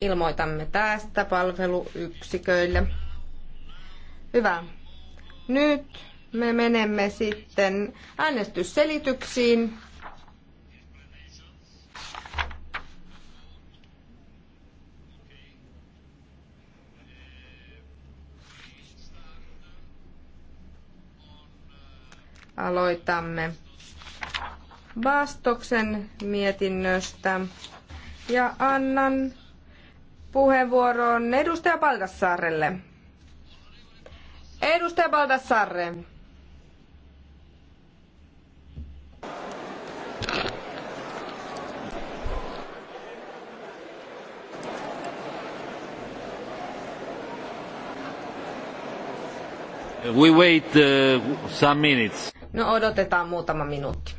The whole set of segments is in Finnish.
Ilmoitamme tästä palveluyksiköille. Hyvä. Nyt me menemme sitten äänestysselityksiin. Aloitamme vastoksen mietinnöstä ja annan puheenvuoron edustaja Baldassarrelle. Edustaja Baldassarre. We wait uh, some minutes. No odotetaan muutama minuutti.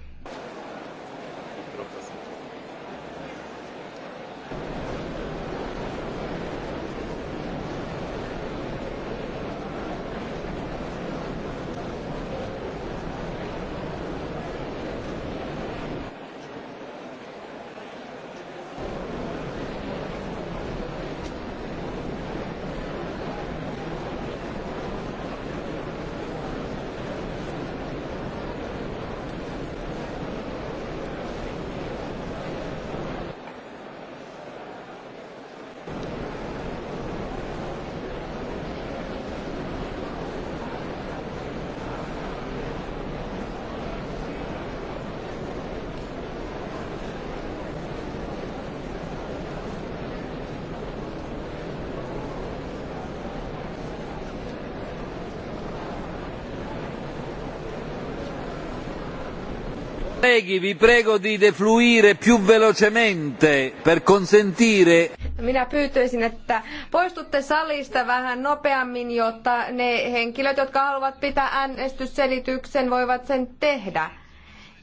Colleghi, vi prego di defluire più velocemente per consentire... Minä pyytäisin, että poistutte salista vähän nopeammin, jotta ne henkilöt, jotka haluavat pitää äänestysselityksen, voivat sen tehdä.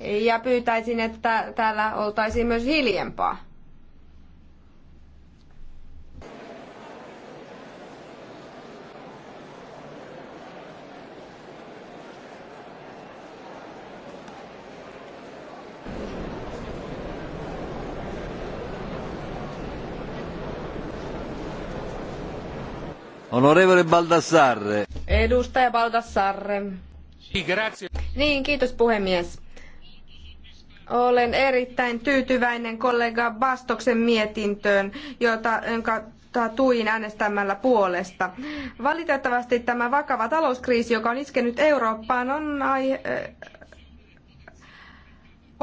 Ja pyytäisin, että täällä oltaisiin myös hiljempaa. Onorevole Baldassarre. Edustaja Baldassarre. Niin, kiitos puhemies. Olen erittäin tyytyväinen kollega Bastoksen mietintöön, jota, jonka tuin äänestämällä puolesta. Valitettavasti tämä vakava talouskriisi, joka on iskenyt Eurooppaan, on aihe,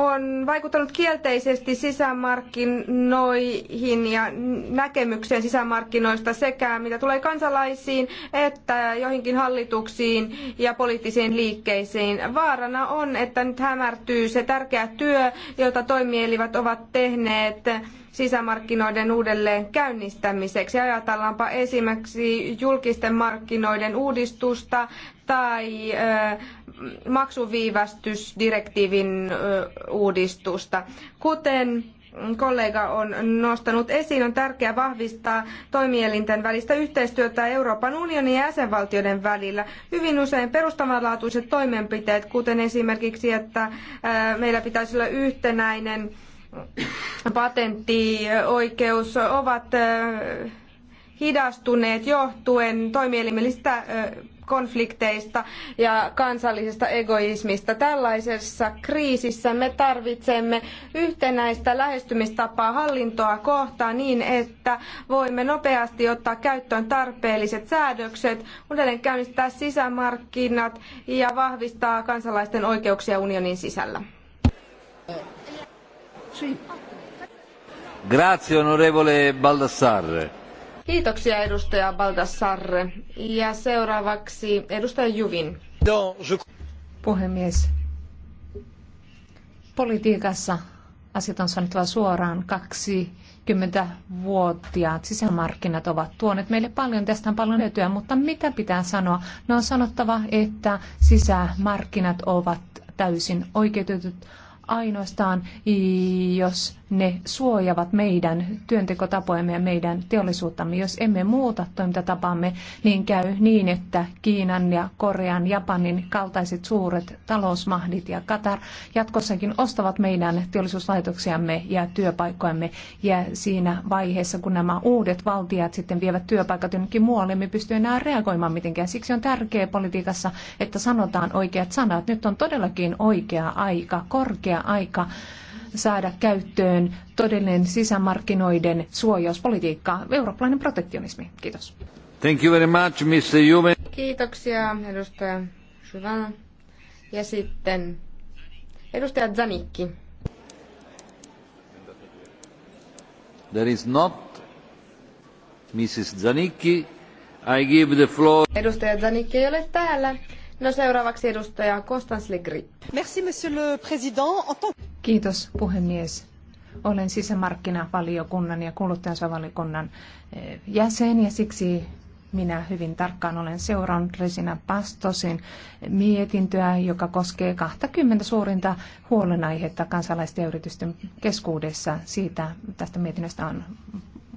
on vaikuttanut kielteisesti sisämarkkinoihin ja näkemykseen sisämarkkinoista sekä mitä tulee kansalaisiin että joihinkin hallituksiin ja poliittisiin liikkeisiin. Vaarana on, että nyt hämärtyy se tärkeä työ, jota toimielivät ovat tehneet sisämarkkinoiden uudelleen käynnistämiseksi. Ajatellaanpa esimerkiksi julkisten markkinoiden uudistusta tai maksuviivästysdirektiivin uudistusta. Kuten kollega on nostanut esiin, on tärkeää vahvistaa toimielinten välistä yhteistyötä Euroopan unionin ja jäsenvaltioiden välillä. Hyvin usein perustavanlaatuiset toimenpiteet, kuten esimerkiksi, että meillä pitäisi olla yhtenäinen patenttioikeus ovat hidastuneet johtuen toimielimellisistä konflikteista ja kansallisesta egoismista. Tällaisessa kriisissä me tarvitsemme yhtenäistä lähestymistapaa hallintoa kohtaan niin, että voimme nopeasti ottaa käyttöön tarpeelliset säädökset, uudelleen käynnistää sisämarkkinat ja vahvistaa kansalaisten oikeuksia unionin sisällä. Sì. Grazie, onorevole Baldassarre. Kiitoksia, edustaja Baldassarre. Ja seuraavaksi edustaja Juvin. No, Puhemies, politiikassa asiat on sanottava suoraan. 20-vuotiaat sisämarkkinat ovat tuoneet meille paljon, tästä on paljon hyötyä, mutta mitä pitää sanoa? No on sanottava, että sisämarkkinat ovat täysin oikeutetut ainoastaan, jos ne suojavat meidän työntekotapojamme ja meidän teollisuuttamme. Jos emme muuta toimintatapaamme, niin käy niin, että Kiinan ja Korean, Japanin kaltaiset suuret talousmahdit ja Katar jatkossakin ostavat meidän teollisuuslaitoksiamme ja työpaikkojamme. Ja siinä vaiheessa, kun nämä uudet valtiat sitten vievät työpaikat jonnekin muualle, me pystyy enää reagoimaan mitenkään. Siksi on tärkeää politiikassa, että sanotaan oikeat sanat. Nyt on todellakin oikea aika, korkea aika saada käyttöön todellinen sisämarkkinoiden suojauspolitiikka, eurooppalainen protektionismi. Kiitos. Thank you very much, Mr. Juven. Kiitoksia, edustaja Syvän. Ja sitten edustaja Zanikki. There is not Mrs. Zanicki. I give the floor. Edustaja Zanikki ei ole täällä. No seuraavaksi edustaja Constance Le Merci, monsieur le président. Kiitos puhemies. Olen sisämarkkinavaliokunnan ja kuluttajansavalikunnan eh, jäsen ja siksi minä hyvin tarkkaan olen seurannut Resina Pastosin mietintöä, joka koskee 20 suurinta huolenaihetta kansalaisten ja yritysten keskuudessa. Siitä tästä mietinnöstä on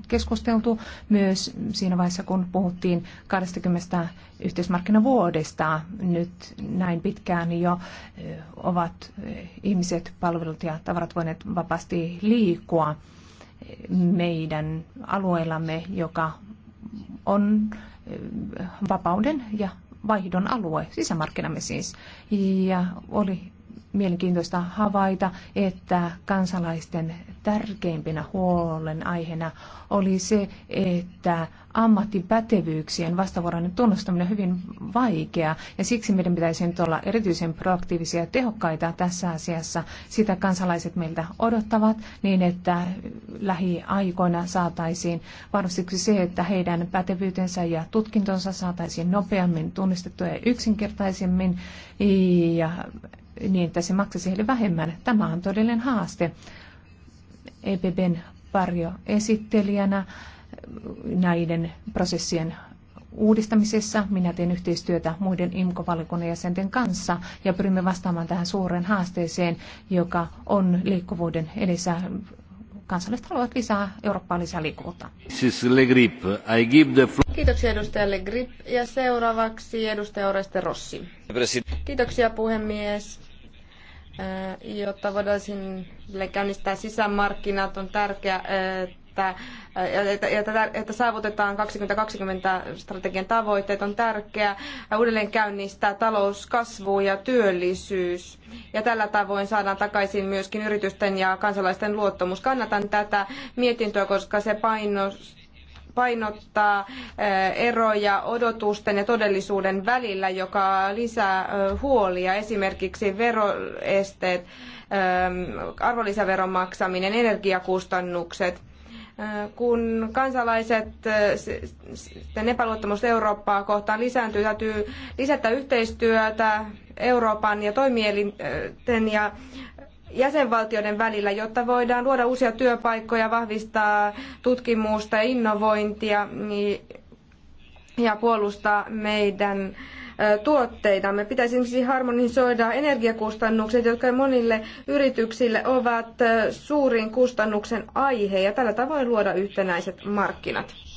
keskusteltu myös siinä vaiheessa, kun puhuttiin 20 yhteismarkkinavuodesta. Nyt näin pitkään jo eh, ovat eh, ihmiset, palvelut ja tavarat voineet vapaasti liikkua eh, meidän alueellamme, joka on vapauden ja vaihdon alue, sisämarkkinamme siis. Ja oli mielenkiintoista havaita, että kansalaisten tärkeimpinä huolenaiheena oli se, että ammattipätevyyksien vastavuoroinen tunnustaminen on hyvin vaikea ja siksi meidän pitäisi nyt olla erityisen proaktiivisia ja tehokkaita tässä asiassa. Sitä kansalaiset meiltä odottavat niin, että lähiaikoina saataisiin varmasti se, että heidän pätevyytensä ja tutkintonsa saataisiin nopeammin tunnistettua ja yksinkertaisemmin ja niin, että se maksaisi heille vähemmän. Tämä on todellinen haaste. EPBn varjo esittelijänä näiden prosessien uudistamisessa. Minä teen yhteistyötä muiden imco valikunnan jäsenten kanssa ja pyrimme vastaamaan tähän suureen haasteeseen, joka on liikkuvuuden edessä kansalliset haluavat lisää Eurooppaan lisää liikkuvuutta. Kiitoksia edustaja Le Grip ja seuraavaksi edustaja Oreste Rossi. Kiitoksia puhemies. Äh, jotta voitaisiin käynnistää sisämarkkinat, on tärkeää, äh, että, että, että, että saavutetaan 2020 strategian tavoitteet on tärkeää uudelleen käynnistää talouskasvu ja työllisyys. Ja tällä tavoin saadaan takaisin myöskin yritysten ja kansalaisten luottamus. Kannatan tätä mietintöä, koska se painos painottaa eh, eroja odotusten ja todellisuuden välillä, joka lisää eh, huolia, esimerkiksi veroesteet, eh, arvonlisäveron maksaminen, energiakustannukset – kun kansalaiset sitten epäluottamus Eurooppaa kohtaan lisääntyy, täytyy lisätä yhteistyötä Euroopan ja toimielinten ja jäsenvaltioiden välillä, jotta voidaan luoda uusia työpaikkoja, vahvistaa tutkimusta ja innovointia niin- ja puolustaa meidän tuotteita. Me pitäisi esimerkiksi harmonisoida energiakustannukset, jotka monille yrityksille ovat suurin kustannuksen aihe ja tällä tavoin luoda yhtenäiset markkinat.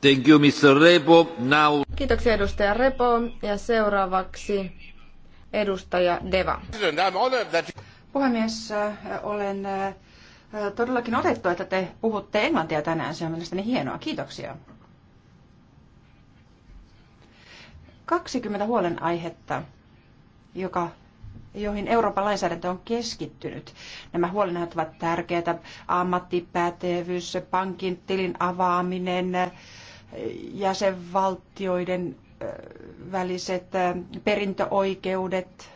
Thank you, Mr. Repo. Now... Kiitoksia edustaja Repo ja seuraavaksi edustaja Deva. Puhemies, olen äh, todellakin otettu, että te puhutte englantia tänään. Se on mielestäni hienoa. Kiitoksia. 20 huolenaihetta, joka, joihin Euroopan lainsäädäntö on keskittynyt. Nämä huolenaiheet ovat tärkeitä. Ammattipätevyys, pankin tilin avaaminen, jäsenvaltioiden väliset perintöoikeudet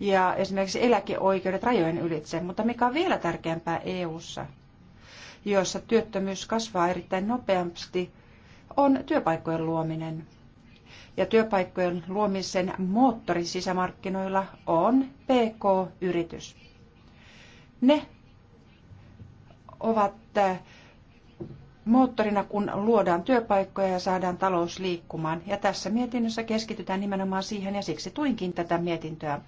ja esimerkiksi eläkeoikeudet rajojen ylitse. Mutta mikä on vielä tärkeämpää EU:ssa, jossa työttömyys kasvaa erittäin nopeasti, on työpaikkojen luominen. Ja työpaikkojen luomisen moottori sisämarkkinoilla on PK-yritys. Ne ovat moottorina, kun luodaan työpaikkoja ja saadaan talous liikkumaan. Ja tässä mietinnössä keskitytään nimenomaan siihen ja siksi tuinkin tätä mietintöä.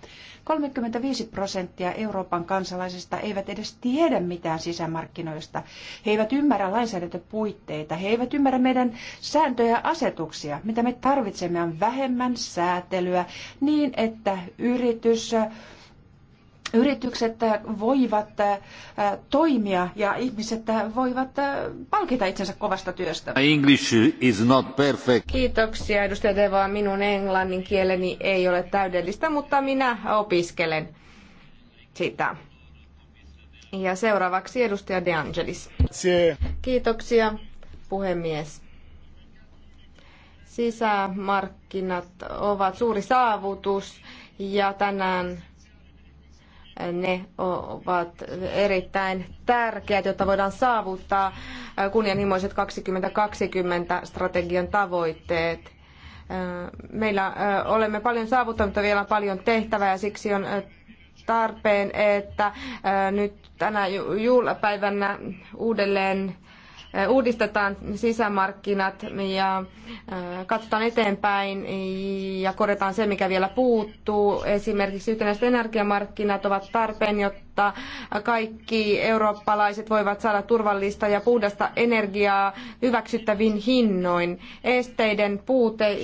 35 prosenttia Euroopan kansalaisista eivät edes tiedä mitään sisämarkkinoista. He eivät ymmärrä lainsäädäntöpuitteita, he eivät ymmärrä meidän sääntöjä ja asetuksia. Mitä me tarvitsemme on vähemmän säätelyä niin, että yritys yritykset äh, voivat äh, toimia ja ihmiset äh, voivat palkita itsensä kovasta työstä. English is not perfect. Kiitoksia edustaja Deva. Minun englannin kieleni ei ole täydellistä, mutta minä opiskelen sitä. Ja seuraavaksi edustaja De Angelis. Kiitoksia puhemies. Sisämarkkinat ovat suuri saavutus ja tänään ne ovat erittäin tärkeät, jotta voidaan saavuttaa kunnianhimoiset 2020-strategian tavoitteet. Meillä olemme paljon mutta vielä paljon tehtävää ja siksi on tarpeen, että nyt tänä juhlapäivänä uudelleen uudistetaan sisämarkkinat ja katsotaan eteenpäin ja korjataan se, mikä vielä puuttuu. Esimerkiksi yhtenäiset energiamarkkinat ovat tarpeen, jotta jotta kaikki eurooppalaiset voivat saada turvallista ja puhdasta energiaa hyväksyttävin hinnoin. Esteiden puute,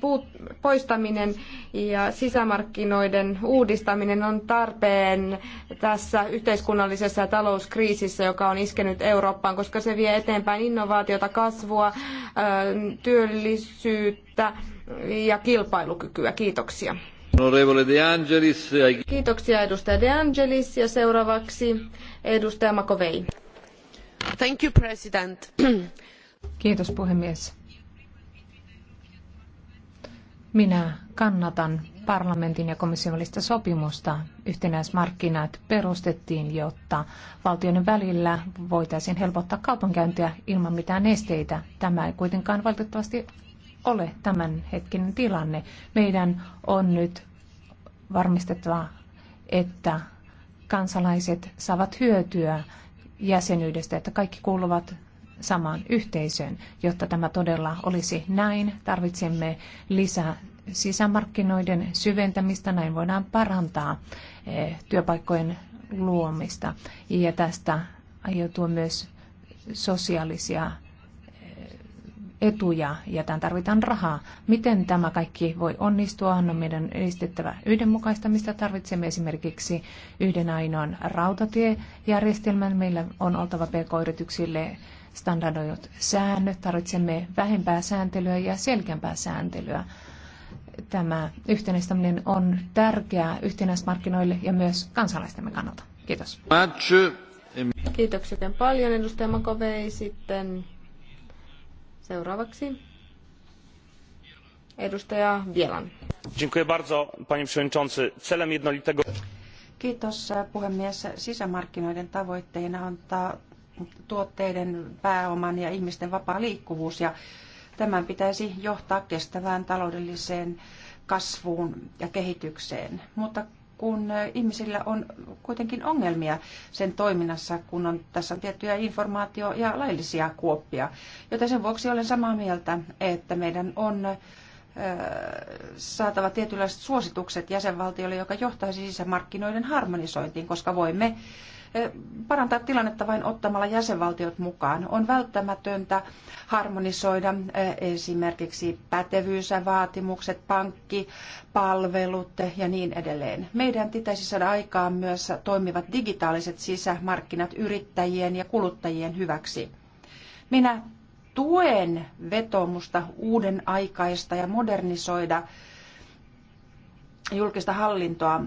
puut, poistaminen ja sisämarkkinoiden uudistaminen on tarpeen tässä yhteiskunnallisessa ja talouskriisissä, joka on iskenyt Eurooppaan, koska se vie eteenpäin innovaatiota, kasvua, työllisyyttä ja kilpailukykyä. Kiitoksia. Kiitoksia edustaja De Angelis ja seuraavaksi edustaja Makovei. Thank you, President. Kiitos puhemies. Minä kannatan parlamentin ja komission välistä sopimusta. Yhtenäismarkkinat perustettiin, jotta valtioiden välillä voitaisiin helpottaa kaupankäyntiä ilman mitään esteitä. Tämä ei kuitenkaan valitettavasti ole tämänhetkinen tilanne. Meidän on nyt varmistettava, että kansalaiset saavat hyötyä jäsenyydestä, että kaikki kuuluvat samaan yhteisöön. Jotta tämä todella olisi näin, tarvitsemme lisää sisämarkkinoiden syventämistä, näin voidaan parantaa eh, työpaikkojen luomista. Ja tästä aiheutuu myös sosiaalisia etuja ja tämän tarvitaan rahaa. Miten tämä kaikki voi onnistua? No, on meidän edistettävä yhdenmukaistamista. Tarvitsemme esimerkiksi yhden ainoan rautatiejärjestelmän. Meillä on oltava pk-yrityksille standardoidut säännöt. Tarvitsemme vähempää sääntelyä ja selkeämpää sääntelyä. Tämä yhtenäistäminen on tärkeää yhtenäismarkkinoille ja myös kansalaistemme kannalta. Kiitos. Kiitoksia paljon edustaja Makovei. Sitten Seuraavaksi edustaja Bielan. Dziękuję bardzo, panie przewodniczący. Celem jednolitego... Kiitos puhemies. Sisämarkkinoiden tavoitteena on ta- tuotteiden, pääoman ja ihmisten vapaa liikkuvuus ja tämän pitäisi johtaa kestävään taloudelliseen kasvuun ja kehitykseen. Mutta kun äh, ihmisillä on kuitenkin ongelmia sen toiminnassa, kun on, tässä on tiettyjä informaatio- ja laillisia kuoppia. Joten sen vuoksi olen samaa mieltä, että meidän on äh, saatava tietynlaiset suositukset jäsenvaltiolle, joka johtaisi sisämarkkinoiden harmonisointiin, koska voimme Eh, parantaa tilannetta vain ottamalla jäsenvaltiot mukaan. On välttämätöntä harmonisoida eh, esimerkiksi pätevyysvaatimukset, pankkipalvelut eh, ja niin edelleen. Meidän pitäisi saada aikaan myös toimivat digitaaliset sisämarkkinat yrittäjien ja kuluttajien hyväksi. Minä tuen vetomusta uuden aikaista ja modernisoida julkista hallintoa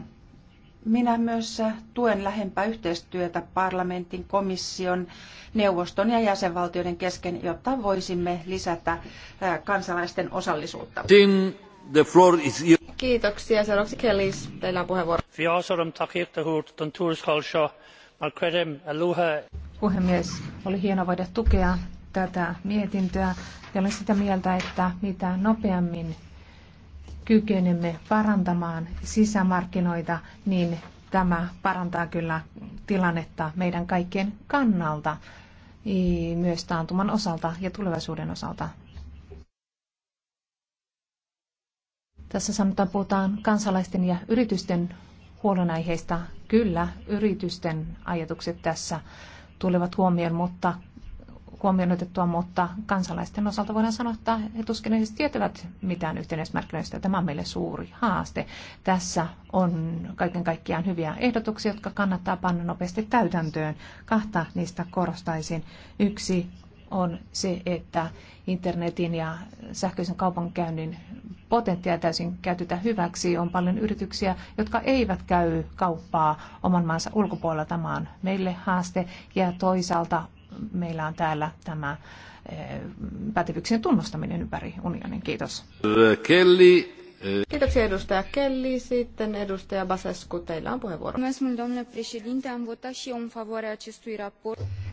minä myös tuen lähempää yhteistyötä parlamentin, komission, neuvoston ja jäsenvaltioiden kesken, jotta voisimme lisätä kansalaisten osallisuutta. Kiitoksia. Seuraavaksi Kelis, teillä on puheenvuoro. Puhemies, oli hienoa voida tukea tätä mietintöä ja olen sitä mieltä, että mitä nopeammin kykenemme parantamaan sisämarkkinoita, niin tämä parantaa kyllä tilannetta meidän kaikkien kannalta, myös taantuman osalta ja tulevaisuuden osalta. Tässä sanotaan, puhutaan kansalaisten ja yritysten huolenaiheista. Kyllä, yritysten ajatukset tässä tulevat huomioon, mutta huomioon otettua, mutta kansalaisten osalta voidaan sanoa, että he tuskin edes tietävät mitään yhtenäismarkkinoista. Tämä on meille suuri haaste. Tässä on kaiken kaikkiaan hyviä ehdotuksia, jotka kannattaa panna nopeasti täytäntöön. Kahta niistä korostaisin. Yksi on se, että internetin ja sähköisen kaupankäynnin potentiaa täysin käytetä hyväksi. On paljon yrityksiä, jotka eivät käy kauppaa oman maansa ulkopuolella. Tämä on meille haaste. Ja toisaalta meillä on täällä tämä eh, pätevyyksien tunnustaminen ympäri unionin. Kiitos. Kelly. Eh. Kiitoksia edustaja Kelly. Sitten edustaja Basescu, teillä on puheenvuoro.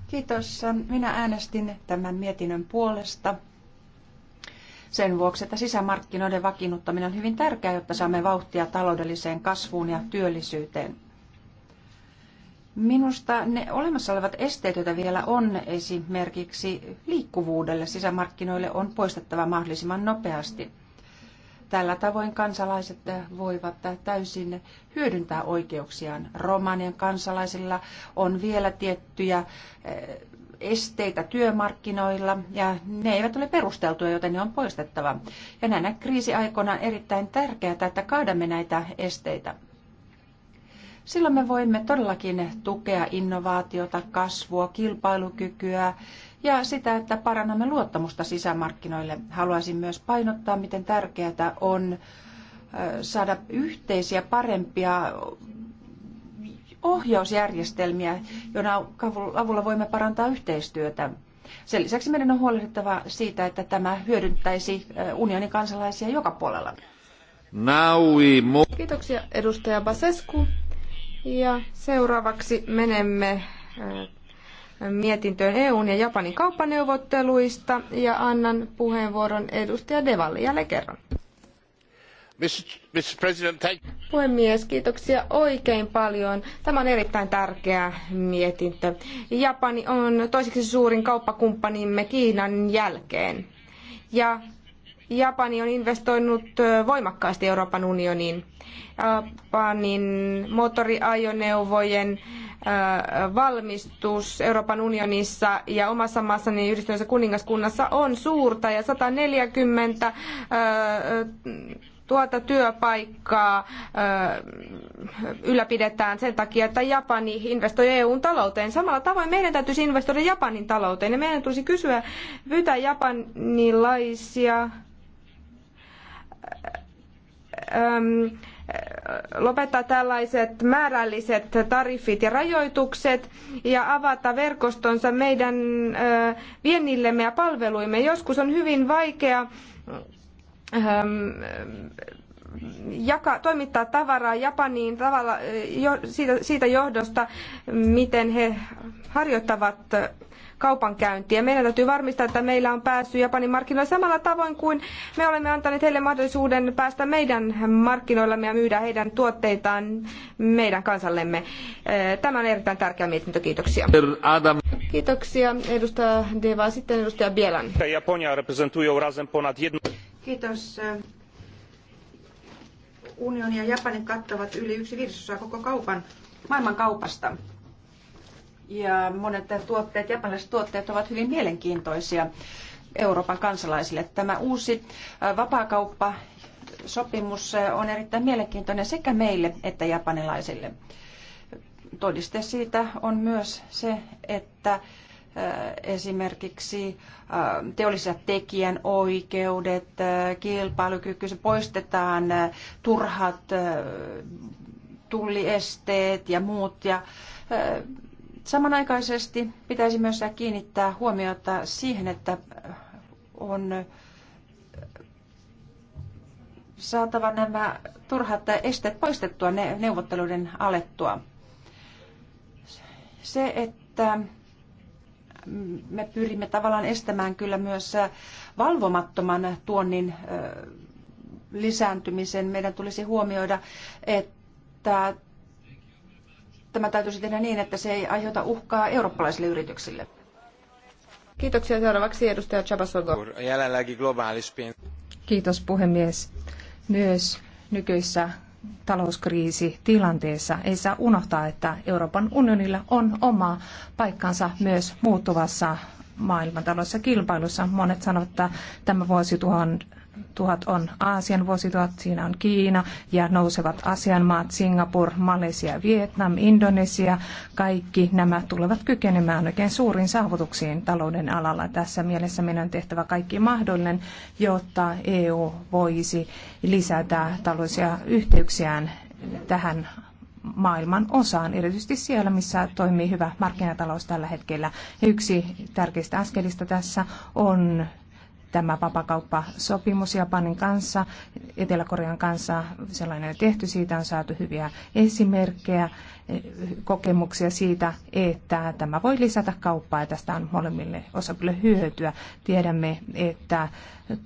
Kiitos. Minä äänestin tämän mietinnön puolesta sen vuoksi, että sisämarkkinoiden vakiinnuttaminen on hyvin tärkeää, jotta saamme vauhtia taloudelliseen kasvuun ja työllisyyteen. Minusta ne olemassa olevat esteet, joita vielä on esimerkiksi liikkuvuudelle sisämarkkinoille, on poistettava mahdollisimman nopeasti. Tällä tavoin kansalaiset voivat täysin hyödyntää oikeuksiaan. Romanian kansalaisilla on vielä tiettyjä eh, esteitä työmarkkinoilla ja ne eivät ole perusteltuja, joten ne on poistettava. Ja näinä kriisiaikoina on erittäin tärkeää, että kaadamme näitä esteitä. Silloin me voimme todellakin tukea innovaatiota, kasvua, kilpailukykyä ja sitä, että parannamme luottamusta sisämarkkinoille. Haluaisin myös painottaa, miten tärkeää on saada yhteisiä parempia ohjausjärjestelmiä, joiden avulla voimme parantaa yhteistyötä. Sen lisäksi meidän on huolehdittava siitä, että tämä hyödyntäisi unionin kansalaisia joka puolella. Kiitoksia edustaja Basescu. Ja seuraavaksi menemme mietintöön EUn ja Japanin kauppaneuvotteluista ja annan puheenvuoron edustaja Devalle jälleen kerran. Puhemies, kiitoksia oikein paljon. Tämä on erittäin tärkeä mietintö. Japani on toiseksi suurin kauppakumppanimme Kiinan jälkeen. Ja Japani on investoinut voimakkaasti Euroopan unioniin. Japanin moottoriajoneuvojen valmistus Euroopan unionissa ja omassa maassani yhdistyneessä kuningaskunnassa on suurta ja 140 tuota työpaikkaa ylläpidetään sen takia, että Japani investoi EUn talouteen. Samalla tavoin meidän täytyisi investoida Japanin talouteen ja meidän tulisi kysyä, pyytää japanilaisia Ähm, lopettaa tällaiset määrälliset tariffit ja rajoitukset ja avata verkostonsa meidän äh, viennillemme ja palveluimme. Joskus on hyvin vaikea ähm, jaka, toimittaa tavaraa Japaniin tavalla, äh, jo, siitä, siitä johdosta, miten he harjoittavat kaupankäyntiä. Meidän täytyy varmistaa, että meillä on pääsy Japanin markkinoille samalla tavoin kuin me olemme antaneet heille mahdollisuuden päästä meidän markkinoillamme ja myydä heidän tuotteitaan meidän kansallemme. Tämä on erittäin tärkeä mietintö. Kiitoksia. Adam. Kiitoksia edustaja Deva. Sitten edustaja Bielan. Japonia razem ponad jedno... Kiitos unioni ja Japanin kattavat yli yksi viidesosaa koko kaupan, maailman kaupasta ja monet tuotteet, japanilaiset tuotteet ovat hyvin mielenkiintoisia Euroopan kansalaisille. Tämä uusi vapaakauppa sopimus on erittäin mielenkiintoinen sekä meille että japanilaisille. Todiste siitä on myös se, että esimerkiksi teolliset tekijän oikeudet, kilpailukyky, se poistetaan turhat tulliesteet ja muut. Ja Samanaikaisesti pitäisi myös kiinnittää huomiota siihen, että on saatava nämä turhat esteet poistettua ne neuvotteluiden alettua. Se, että me pyrimme tavallaan estämään kyllä myös valvomattoman tuonnin lisääntymisen. Meidän tulisi huomioida, että tämä täytyisi tehdä niin, että se ei aiheuta uhkaa eurooppalaisille yrityksille. Kiitoksia. Seuraavaksi edustaja Chabasogo. Kiitos puhemies. Myös nykyisessä talouskriisitilanteessa ei saa unohtaa, että Euroopan unionilla on oma paikkansa myös muuttuvassa maailmantaloudessa kilpailussa. Monet sanovat, että tämä vuosituhan tuhat on Aasian vuosituhat, siinä on Kiina ja nousevat Asian maat, Singapur, Malesia, Vietnam, Indonesia. Kaikki nämä tulevat kykenemään oikein suuriin saavutuksiin talouden alalla. Tässä mielessä meidän on tehtävä kaikki mahdollinen, jotta EU voisi lisätä taloudellisia yhteyksiään tähän maailman osaan, erityisesti siellä, missä toimii hyvä markkinatalous tällä hetkellä. Yksi tärkeistä askelista tässä on tämä vapakauppasopimus Japanin kanssa, Etelä-Korean kanssa, sellainen on tehty, siitä on saatu hyviä esimerkkejä kokemuksia siitä, että tämä voi lisätä kauppaa ja tästä on molemmille osapuolille hyötyä. Tiedämme, että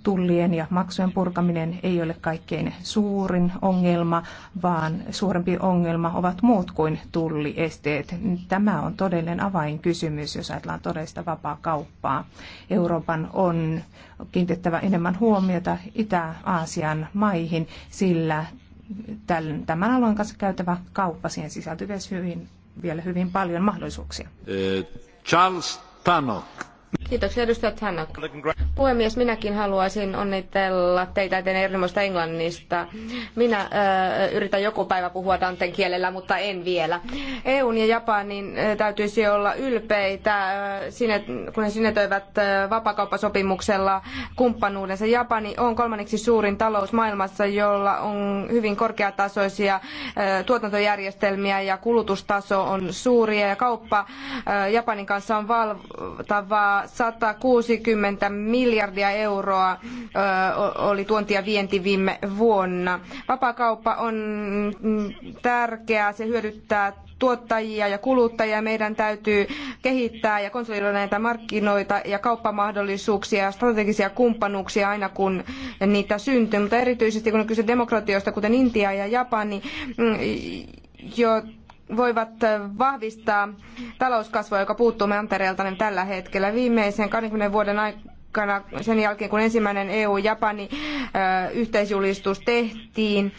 tullien ja maksujen purkaminen ei ole kaikkein suurin ongelma, vaan suurempi ongelma ovat muut kuin tulliesteet. Tämä on todellinen avainkysymys, jos ajatellaan todellista vapaa kauppaa. Euroopan on kiinnitettävä enemmän huomiota Itä-Aasian maihin, sillä tämän alueen kanssa käytävä kauppa. Siihen sisältyy vielä hyvin, paljon mahdollisuuksia. Eh, Charles Kiitoksia edustajat Hannak. Puhemies, minäkin haluaisin onnitella teitä teidän erinomaista englannista. Minä äh, yritän joku päivä puhua Danten kielellä, mutta en vielä. EUn ja Japanin äh, täytyisi olla ylpeitä, äh, sinet, kun he sinetöivät äh, vapakauppasopimuksella kumppanuudensa. Japani on kolmanneksi suurin talous maailmassa, jolla on hyvin korkeatasoisia äh, tuotantojärjestelmiä ja kulutustaso on suuri ja kauppa äh, Japanin kanssa on valtavaa 160 miljardia euroa oli tuonti ja vienti viime vuonna. Vapakauppa on tärkeää, se hyödyttää tuottajia ja kuluttajia. Meidän täytyy kehittää ja konsolidoida näitä markkinoita ja kauppamahdollisuuksia ja strategisia kumppanuuksia aina kun niitä syntyy. Mutta erityisesti kun on kyse demokratioista, kuten Intia ja Japani, mm, jo voivat vahvistaa talouskasvua, joka puuttuu Mantereelta niin tällä hetkellä. Viimeisen 20 vuoden aikana, sen jälkeen kun ensimmäinen EU-Japani yhteisjulistus tehtiin,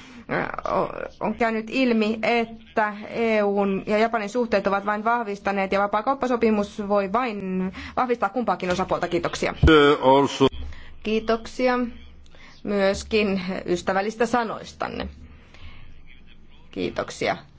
on käynyt ilmi, että EUn ja Japanin suhteet ovat vain vahvistaneet ja vapaakauppasopimus voi vain vahvistaa kumpaakin osapuolta. Kiitoksia. Kiitoksia myöskin ystävällistä sanoistanne. Kiitoksia.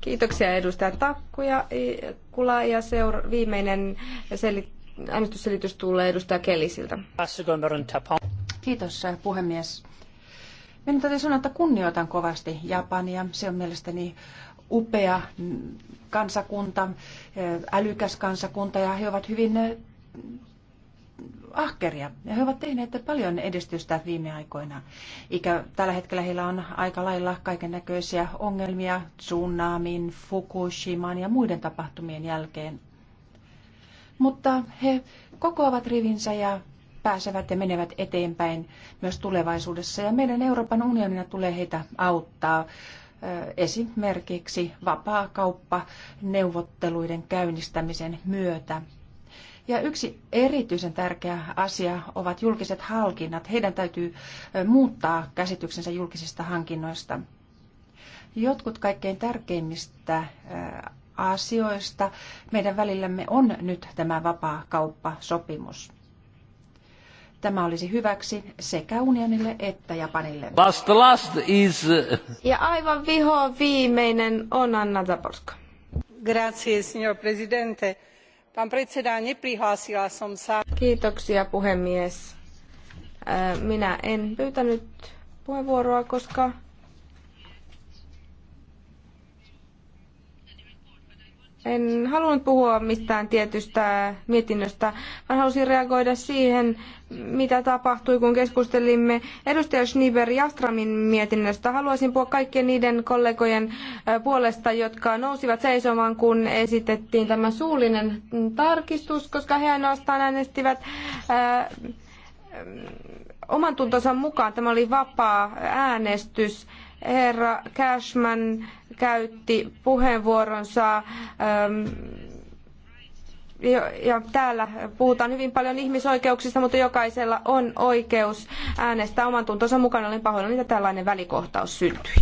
Kiitoksia edustaja Takku ja Kula ja seura- viimeinen selit- äänestysselitys tulee edustaja Kelisiltä. Kiitos puhemies. Minun täytyy sanoa, että kunnioitan kovasti Japania. Se on mielestäni upea kansakunta, älykäs kansakunta ja he ovat hyvin ahkeria ja he ovat tehneet paljon edistystä viime aikoina. Ikä, tällä hetkellä heillä on aika lailla kaiken näköisiä ongelmia tsunamin, Fukushiman ja muiden tapahtumien jälkeen. Mutta he kokoavat rivinsä ja pääsevät ja menevät eteenpäin myös tulevaisuudessa. Ja meidän Euroopan unionina tulee heitä auttaa esimerkiksi vapaa kauppa neuvotteluiden käynnistämisen myötä – ja yksi erityisen tärkeä asia ovat julkiset hankinnat. Heidän täytyy muuttaa käsityksensä julkisista hankinnoista. Jotkut kaikkein tärkeimmistä asioista meidän välillämme on nyt tämä vapaa kauppasopimus. Tämä olisi hyväksi sekä unionille että Japanille. Last, last is... Ja aivan viho viimeinen on Anna Zaborska. Grazie, signor Presidente. Pán predseda, neprihlásila som sa. Kiitoksia puhemies. Minä en pyytänyt puheenvuoroa, koska En halunnut puhua mistään tietystä mietinnöstä, vaan halusin reagoida siihen, mitä tapahtui, kun keskustelimme edustaja Schnieber Jastramin mietinnöstä. Haluaisin puhua kaikkien niiden kollegojen puolesta, jotka nousivat seisomaan, kun esitettiin tämä suullinen tarkistus, koska he ainoastaan äänestivät ää, oman tuntonsa mukaan. Tämä oli vapaa äänestys Herra Cashman käytti puheenvuoronsa ähm, ja täällä puhutaan hyvin paljon ihmisoikeuksista, mutta jokaisella on oikeus äänestää oman tuntonsa mukana. Olen pahoillani, että tällainen välikohtaus syntyi.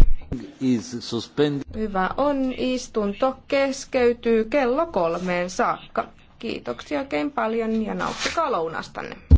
Hyvä on. Istunto keskeytyy kello kolmeen saakka. Kiitoksia oikein paljon ja nauttikaa lounastanne.